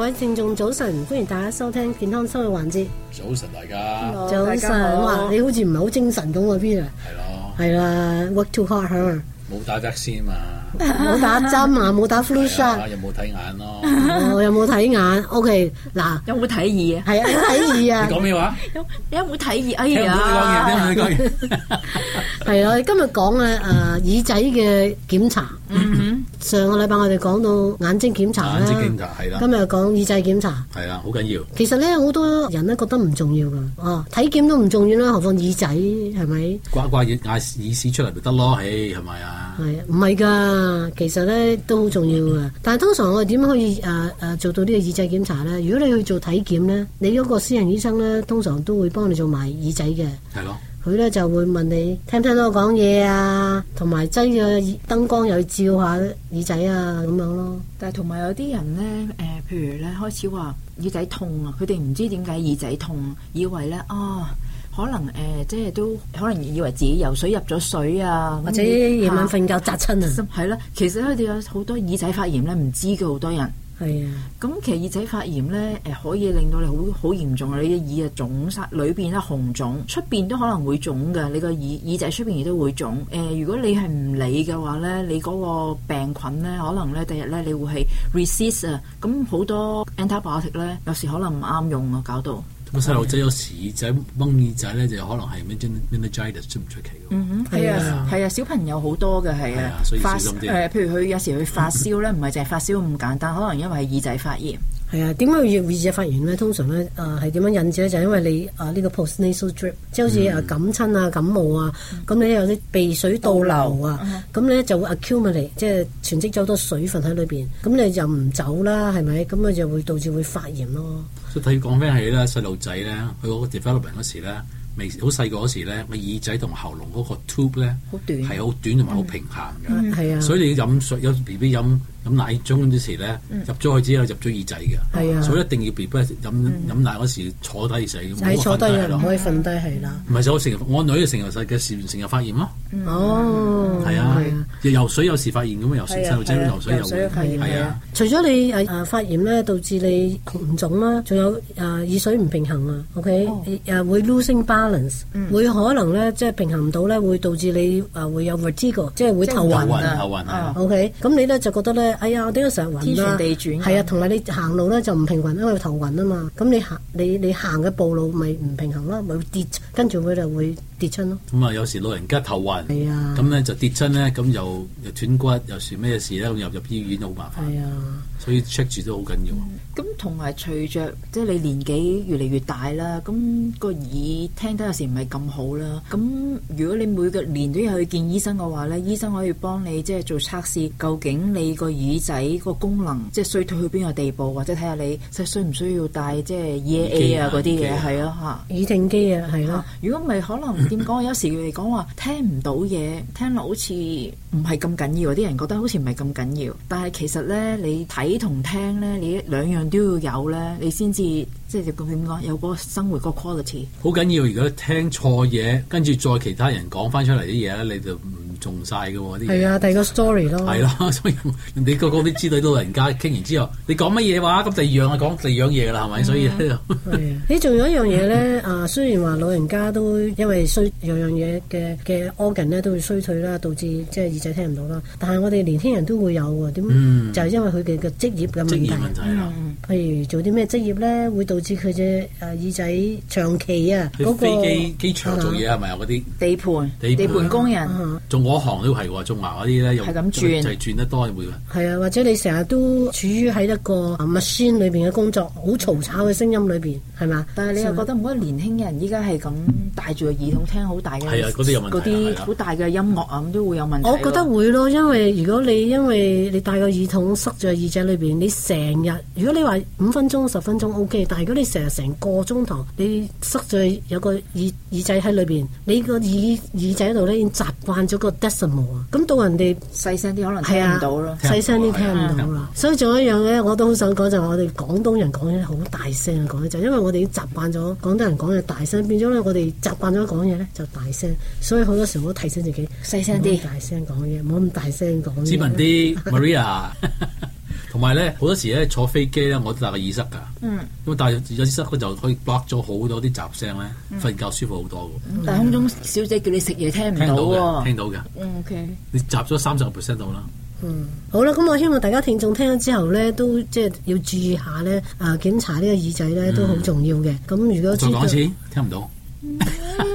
各位聽眾早晨，歡迎大家收聽健康生活環節。早晨大家，早晨。哇，你好似唔係好精神咁喎，B 啊。係咯。係啦，work too hard，係嘛。冇打針啊，冇打 flu shot、啊。又冇睇眼咯。又冇睇眼。O K，嗱，有冇睇耳啊？係啊，睇耳啊。講咩話？有有冇睇耳？哎呀。聽佢講嘢，聽佢講嘢。係啦，今日講嘅誒耳仔嘅檢查。嗯上個禮拜我哋講到眼睛檢查啦，今日講耳仔檢查，係啊，好緊要。其實咧，好多人咧覺得唔重要噶，哦、啊，體檢都唔重要啦，何況耳仔係咪？刮刮耳屎出嚟咪得咯，誒，係咪啊？係啊，唔係噶，其實咧都好重要㗎。但係通常我哋點樣可以誒誒、啊啊、做到呢個耳仔檢查咧？如果你去做體檢咧，你嗰個私人醫生咧，通常都會幫你做埋耳仔嘅，係咯。佢咧就會問你聽唔聽到我講嘢啊，同埋擠咗燈光又照下耳仔啊咁樣咯。但係同埋有啲人咧，誒、呃、譬如咧開始話耳仔痛啊，佢哋唔知點解耳仔痛，以為咧啊、哦、可能誒、呃、即係都可能以為自己游水入咗水啊，或者夜晚瞓覺砸親啊，係咯，其實佢哋有好多耳仔發炎咧，唔知嘅好多人。係啊，咁其實耳仔發炎咧，誒、呃、可以令到你好好嚴重啊！你嘅耳啊腫曬，裏邊咧紅腫，出邊都可能會腫嘅。你個耳耳仔出邊亦都會腫。誒、呃，如果你係唔理嘅話咧，你嗰個病菌咧，可能咧第日咧，你會係 resist 啊。咁好多 antibiotic 咧，有時可能唔啱用啊，搞到。個細路仔有時耳仔掹耳仔咧，就可能係咩咩咩嘅出唔出奇的？嗯哼，係啊，係啊，啊，啊，啊，小朋友好多嘅係啊，啊所以發誒、呃，譬如佢有時佢發燒咧，唔係淨係發燒咁簡單，可能因為係耳仔發炎。係啊，點解越嘅發炎咧？通常咧，誒係點樣引致咧？就是、因為你誒呢、啊呢個 postnasal drip，即係好似誒感親啊、嗯、感冒啊，咁、嗯、你有啲鼻水倒流啊，咁、嗯、咧、嗯、就會 accumulate，即係存積咗好多水分喺裏邊，咁你就唔走啦，係咪？咁啊就會導致會發炎咯。即睇講咩係啦，細路仔咧，佢嗰個 development 嗰時咧。好細個嗰時咧，個耳仔同喉嚨嗰個 tube 咧，係好短同埋好平行嘅、嗯嗯啊，所以你要飲水，有 B B 飲飲奶中嗰時咧，入、嗯、咗去之後入咗耳仔嘅、啊，所以一定要 B B 飲飲奶嗰時坐低耳仔，唔可以瞓低係啦。唔係、啊，就我成日我女成日食嘅事，成日發炎咯。哦、嗯，係啊。游水有時發炎咁啊，游水細路仔游水有發炎，係啊。除咗你誒誒發炎咧，導致你紅腫啦，仲有誒耳水唔平衡啊。O K，誒會 losing balance，會可能咧即係平衡唔到咧，會導致你誒會有 vertigo，即係會頭暈啊。頭暈啊。O K，咁你咧就覺得咧，哎呀，我點解成日暈啦？天旋地轉。係啊，同埋你行路咧就唔平衡，因為頭暈啊嘛。咁你行你你行嘅步路咪唔平衡啦，咪跌，跟住佢就會跌親咯。咁啊，有時老人家頭暈，咁咧就跌親咧，咁又～又斷骨又算咩事咧？咁入入醫院都好麻煩，係啊，所以 check 住都好緊要。咁同埋隨着即係你年紀越嚟越大啦，咁、個耳聽得有時唔係咁好啦。咁如果你每個年都要去見醫生嘅話咧，醫生可以幫你即係做測試，究竟你個耳仔個功能即係衰退去邊個地步，或者睇下你即係需唔需要戴即係 e A 啊嗰啲嘢，係咯吓耳釘機啊，係咯、啊啊啊啊。如果唔係，可能點講？有時嚟講話聽唔到嘢， 聽落好似。唔係咁緊要，啲人覺得好似唔係咁緊要，但係其實咧，你睇同聽咧，你兩樣都要有咧，你先至即係點講？有個生活個 quality 好緊要。如果聽錯嘢，跟住再其他人講翻出嚟啲嘢咧，你就唔～仲晒嘅喎啲係啊，第二個 story 咯，係咯、啊，所以你個個啲支隊都老 人家傾完之後，你講乜嘢話咁第二樣啊講第二樣嘢㗎啦，係 咪、啊？所以你仲、啊啊、 有一樣嘢咧啊，雖然話老人家都因為衰有樣樣嘢嘅嘅 organ 咧都會衰退啦，導致即係、就是、耳仔聽唔到啦。但係我哋年輕人都會有喎，點、嗯、就係、是、因為佢哋嘅職業嘅問題、啊，譬、嗯、如做啲咩職業咧，會導致佢隻誒耳仔長期、那個、啊機場做嘢，嗰個啊，地盤，地盤，地，盤地盤工人。嗯嗯嗰行都係喎，中華嗰啲咧又係咁轉就轉得多會。係啊，或者你成日都處於喺一個 machine 裏邊嘅工作，好嘈吵嘅聲音裏邊，係嘛？但係你又覺得唔好年輕嘅人依家係咁戴住個耳筒聽好大嘅嗰啲有啲好、啊、大嘅音樂啊，咁、嗯、都會有問題。我覺得會咯，因為如果你因為你戴個耳筒塞咗耳仔裏邊，你成日如果你話五分鐘、十分鐘 OK，但係如果你成日成個鐘頭你塞咗有個耳耳仔喺裏邊，你個耳耳仔度咧已經習慣咗個。得什麼啊？咁到人哋細聲啲，可能聽唔到咯、啊。細聲啲聽唔到啦、啊。所以仲有一樣咧，我都好想講就係、是、我哋廣東人講嘢好大聲講咧，就因為我哋已經習慣咗廣東人講嘢大聲，變咗咧我哋習慣咗講嘢咧就大聲。所以好多時候都提醒自己細聲啲，大聲講嘢，唔好咁大聲講。指問啲 Maria 同埋咧，好多時咧坐飛機咧，我都戴個耳塞噶。嗯。咁但係有塞咧就可以 block 咗好多啲雜聲咧，瞓、嗯、覺舒服好多嘅。但係空中小姐叫你食嘢聽唔到㗎。聽到嘅、嗯。OK。你擸咗三十個 percent 度啦。嗯。好啦，咁我希望大家聽眾聽咗之後咧，都即係、就是、要注意一下咧，啊檢查呢個耳仔咧都好重要嘅。咁、嗯、如果再講一次，聽唔到。嗯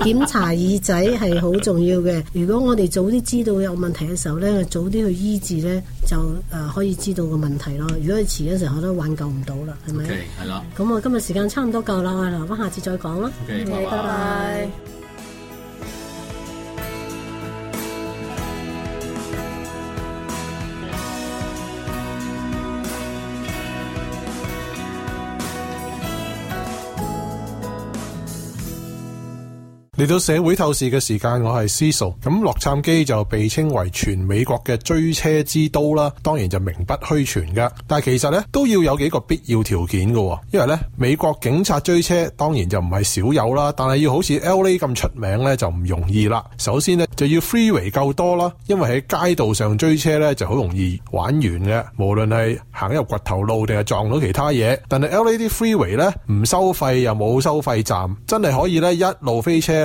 檢 查耳仔係好重要嘅，如果我哋早啲知道有問題嘅時候呢，早啲去醫治呢，就誒、呃、可以知道個問題咯。如果你遲嘅時候我都挽救唔到啦，係、okay, 咪？係啦。咁我今日時間差唔多夠啦，我留返下次再講啦。拜、okay, 拜。Okay, bye bye 嚟到社會透視嘅時間，我係司素。咁洛杉磯就被稱為全美國嘅追車之都啦，當然就名不虛傳噶。但係其實咧都要有幾個必要條件噶，因為咧美國警察追車當然就唔係少有啦，但係要好似 L.A. 咁出名咧就唔容易啦。首先咧就要 freeway 夠多啦，因為喺街道上追車咧就好容易玩完嘅，無論係行入掘頭路定係撞到其他嘢。但係 L.A. 啲 freeway 咧唔收費又冇收費站，真係可以咧一路飛車。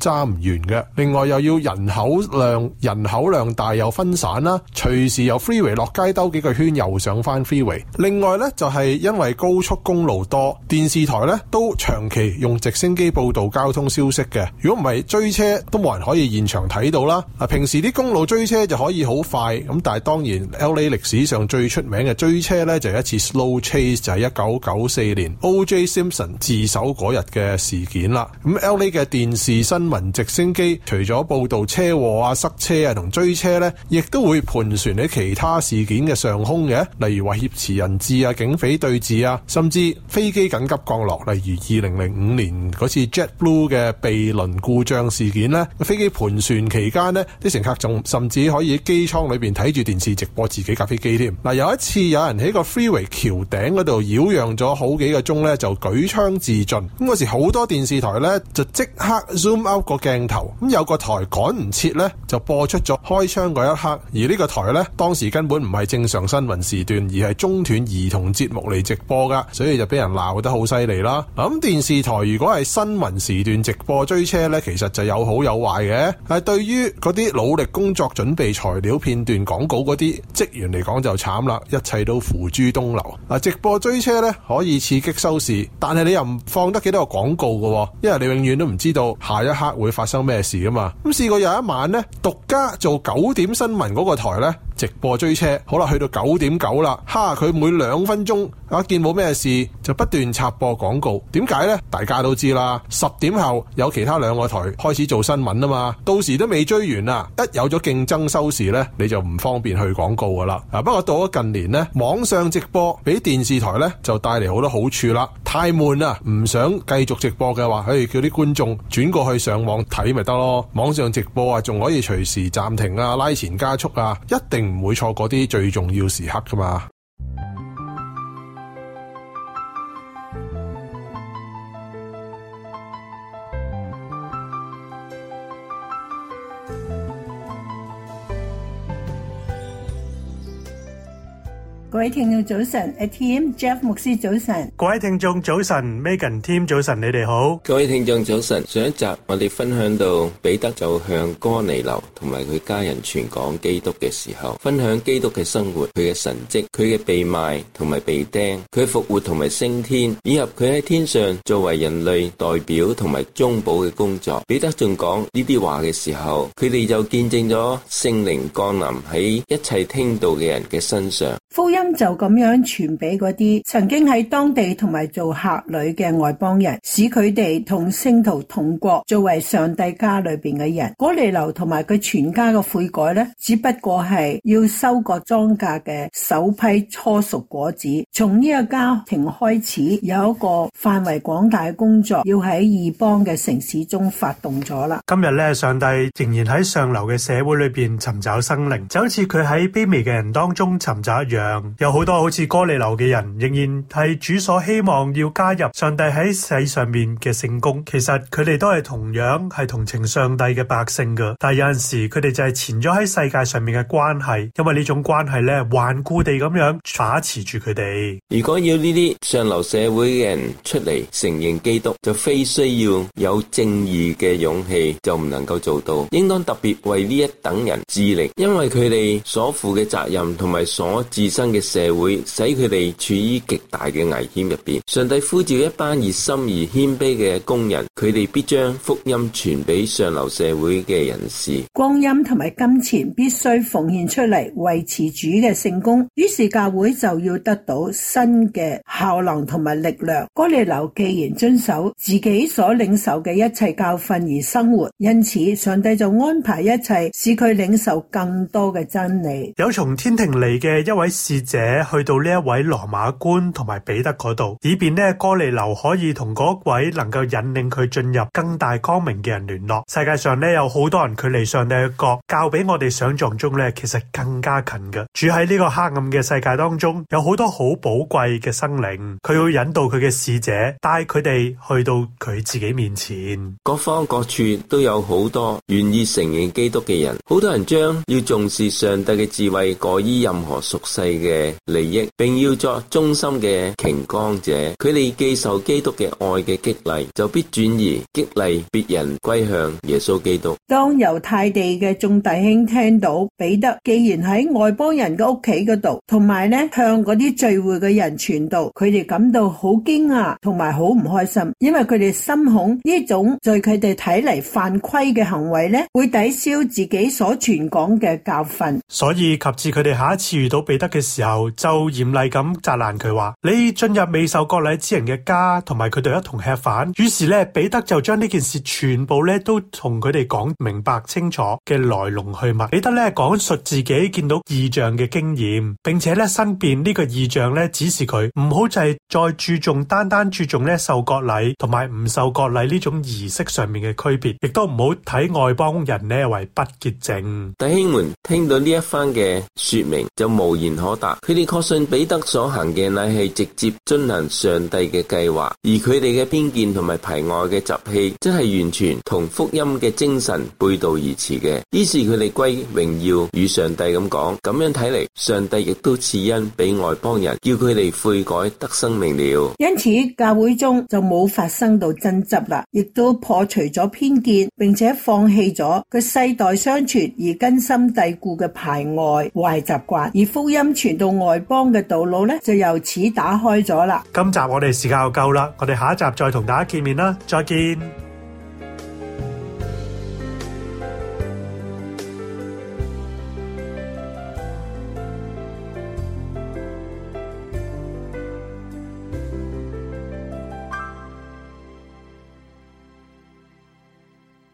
揸唔完嘅，另外又要人口量人口量大又分散啦，隨時由 freeway 落街兜幾個圈又上翻 freeway。另外呢，就係因為高速公路多，電視台呢都長期用直升機報道交通消息嘅。如果唔係追車都冇人可以現場睇到啦。啊，平時啲公路追車就可以好快咁，但係當然 LA 歷史上最出名嘅追車呢，就係一次 slow chase 就係一九九四年 OJ Simpson 自首嗰日嘅事件啦。咁 LA 嘅電視新民直升機除咗報道車禍啊、塞車啊同追車呢，亦都會盤旋喺其他事件嘅上空嘅，例如話挾持人質啊、警匪對峙啊，甚至飛機緊急降落。例如二零零五年嗰次 JetBlue 嘅避輪故障事件咧，飛機盤旋期間呢，啲乘客仲甚至可以喺機艙裏邊睇住電視直播自己架飛機添。嗱，有一次有人喺個 freeway 橋頂嗰度擾攘咗好幾個鐘呢，就舉槍自盡。咁嗰時好多電視台呢，就即刻 zoom out。嗰個鏡頭，咁有個台趕唔切呢，就播出咗開槍嗰一刻。而呢個台呢，當時根本唔係正常新聞時段，而係中斷兒童節目嚟直播噶，所以就俾人鬧得好犀利啦。咁電視台如果係新聞時段直播追車呢，其實就有好有壞嘅。但對於嗰啲努力工作準備材料片段廣告嗰啲職員嚟講就慘啦，一切都付諸東流。啊，直播追車呢，可以刺激收視，但係你又唔放得幾多個廣告噶，因為你永遠都唔知道下一刻。會發生咩事噶嘛？咁試過有一晚咧，獨家做九點新聞嗰個台咧。直播追車，好啦，去到九點九啦，哈！佢每兩分鐘啊，見冇咩事，就不斷插播廣告。點解呢？大家都知啦。十點後有其他兩個台開始做新聞啊嘛，到時都未追完啊，一有咗競爭收視呢，你就唔方便去廣告噶啦。啊，不過到咗近年呢，網上直播俾電視台呢，就帶嚟好多好處啦。太悶啦，唔想繼續直播嘅話，可以叫啲觀眾轉過去上網睇咪得咯。網上直播啊，仲可以隨時暫停啊、拉前加速啊，一定。唔會錯過啲最重要時刻㗎嘛！各位聽眾早晨，ATM Jeff 牧師早晨。各位聽眾早晨，Megan Tim 早晨，你哋好。各位聽眾早晨，上一集我哋分享到彼得就向哥尼流同埋佢家人傳講基督嘅時候，分享基督嘅生活，佢嘅神蹟，佢嘅被賣同埋被釘，佢嘅復活同埋升天，以及佢喺天上作為人類代表同埋中保嘅工作。彼得仲講呢啲話嘅時候，佢哋就見證咗聖靈降臨喺一切聽到嘅人嘅身上。福音就咁樣傳俾嗰啲曾經喺當地。同埋做客旅嘅外邦人，使佢哋同聖徒同國，作為上帝家裏邊嘅人。哥尼流同埋佢全家嘅悔改咧，只不過係要收割莊稼嘅首批初熟果子。從呢一個家庭開始，有一個範圍廣大嘅工作，要喺異邦嘅城市中發動咗啦。今日咧，上帝仍然喺上流嘅社會裏邊尋找生靈，就好似佢喺卑微嘅人當中尋找一樣。有好多好似哥尼流嘅人，仍然係主所我希望要加入上帝喺世上面嘅聖工，其實佢哋都係同樣係同情上帝嘅百姓嘅，但係有陣時佢哋就係纏咗喺世界上面嘅關係，因為呢種關係咧，頑固地咁樣把持住佢哋。如果要呢啲上流社會嘅人出嚟承認基督，就非需要有正義嘅勇氣，就唔能夠做到。應當特別為呢一等人致力，因為佢哋所負嘅責任同埋所自身嘅社會，使佢哋處於極大嘅危險。入邊，上帝呼召一班熱心而謙卑嘅工人，佢哋必將福音傳俾上流社會嘅人士。光陰同埋金錢必須奉獻出嚟，維持主嘅聖工。於是教會就要得到新嘅效能同埋力量。哥尼流既然遵守自己所領受嘅一切教訓而生活，因此上帝就安排一切，使佢領受更多嘅真理。有從天庭嚟嘅一位使者去到呢一位羅馬官同埋彼得嗰。以便咧，哥尼流可以同嗰一位能夠引領佢進入更大光明嘅人聯絡。世界上咧有好多人，距離上帝嘅國，較比我哋想象中咧，其實更加近嘅。住喺呢個黑暗嘅世界當中，有好多好寶貴嘅生靈，佢會引導佢嘅使者，帶佢哋去到佢自己面前。各方各處都有好多願意承認基督嘅人，好多人將要重視上帝嘅智慧，過於任何俗世嘅利益，並要作忠心嘅瓊崗。者佢哋既受基督嘅愛嘅激勵，就必轉移激勵別人歸向耶穌基督。當猶太地嘅眾弟兄聽到彼得既然喺外邦人嘅屋企嗰度，同埋咧向嗰啲聚會嘅人傳道，佢哋感到好驚訝，同埋好唔開心，因為佢哋心恐呢種在佢哋睇嚟犯規嘅行為咧，會抵消自己所傳講嘅教訓。所以及至佢哋下一次遇到彼得嘅時候，就嚴厲咁責難佢話：你進入。未受割禮之人嘅家同埋佢哋一同吃飯，於是咧彼得就將呢件事全部咧都同佢哋講明白清楚嘅來龍去脈。彼得咧講述自己見到異象嘅經驗，並且咧申辯呢個異象咧指示佢唔好就係再注重單單注重咧受割禮同埋唔受割禮呢種儀式上面嘅區別，亦都唔好睇外邦人咧為不潔淨。弟兄們聽到呢一番嘅說明就無言可答，佢哋確信彼得所行嘅禮係直接能上帝嘅計劃，而佢哋嘅偏見同埋排外嘅習氣，真係完全同福音嘅精神背道而馳嘅。於是佢哋歸榮耀與上帝咁講。咁樣睇嚟，上帝亦都賜恩俾外邦人，叫佢哋悔改得生命了。因此教會中就冇發生到爭執啦，亦都破除咗偏見，並且放棄咗佢世代相傳而根深蒂固嘅排外壞習慣。而福音傳到外邦嘅道路呢，就由此打開咗。今集我哋時間就夠啦，我哋下一集再同大家見面啦，再見。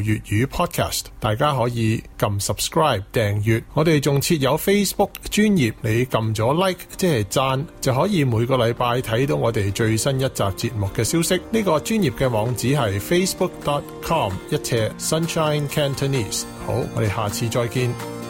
粵語 podcast，大家可以撳 subscribe 訂閱。我哋仲設有 Facebook 專頁，你撳咗 like 即係讚，就可以每個禮拜睇到我哋最新一集節目嘅消息。呢個專業嘅網址係 facebook.com 一切 Sunshine Cantonese。好，我哋下次再見。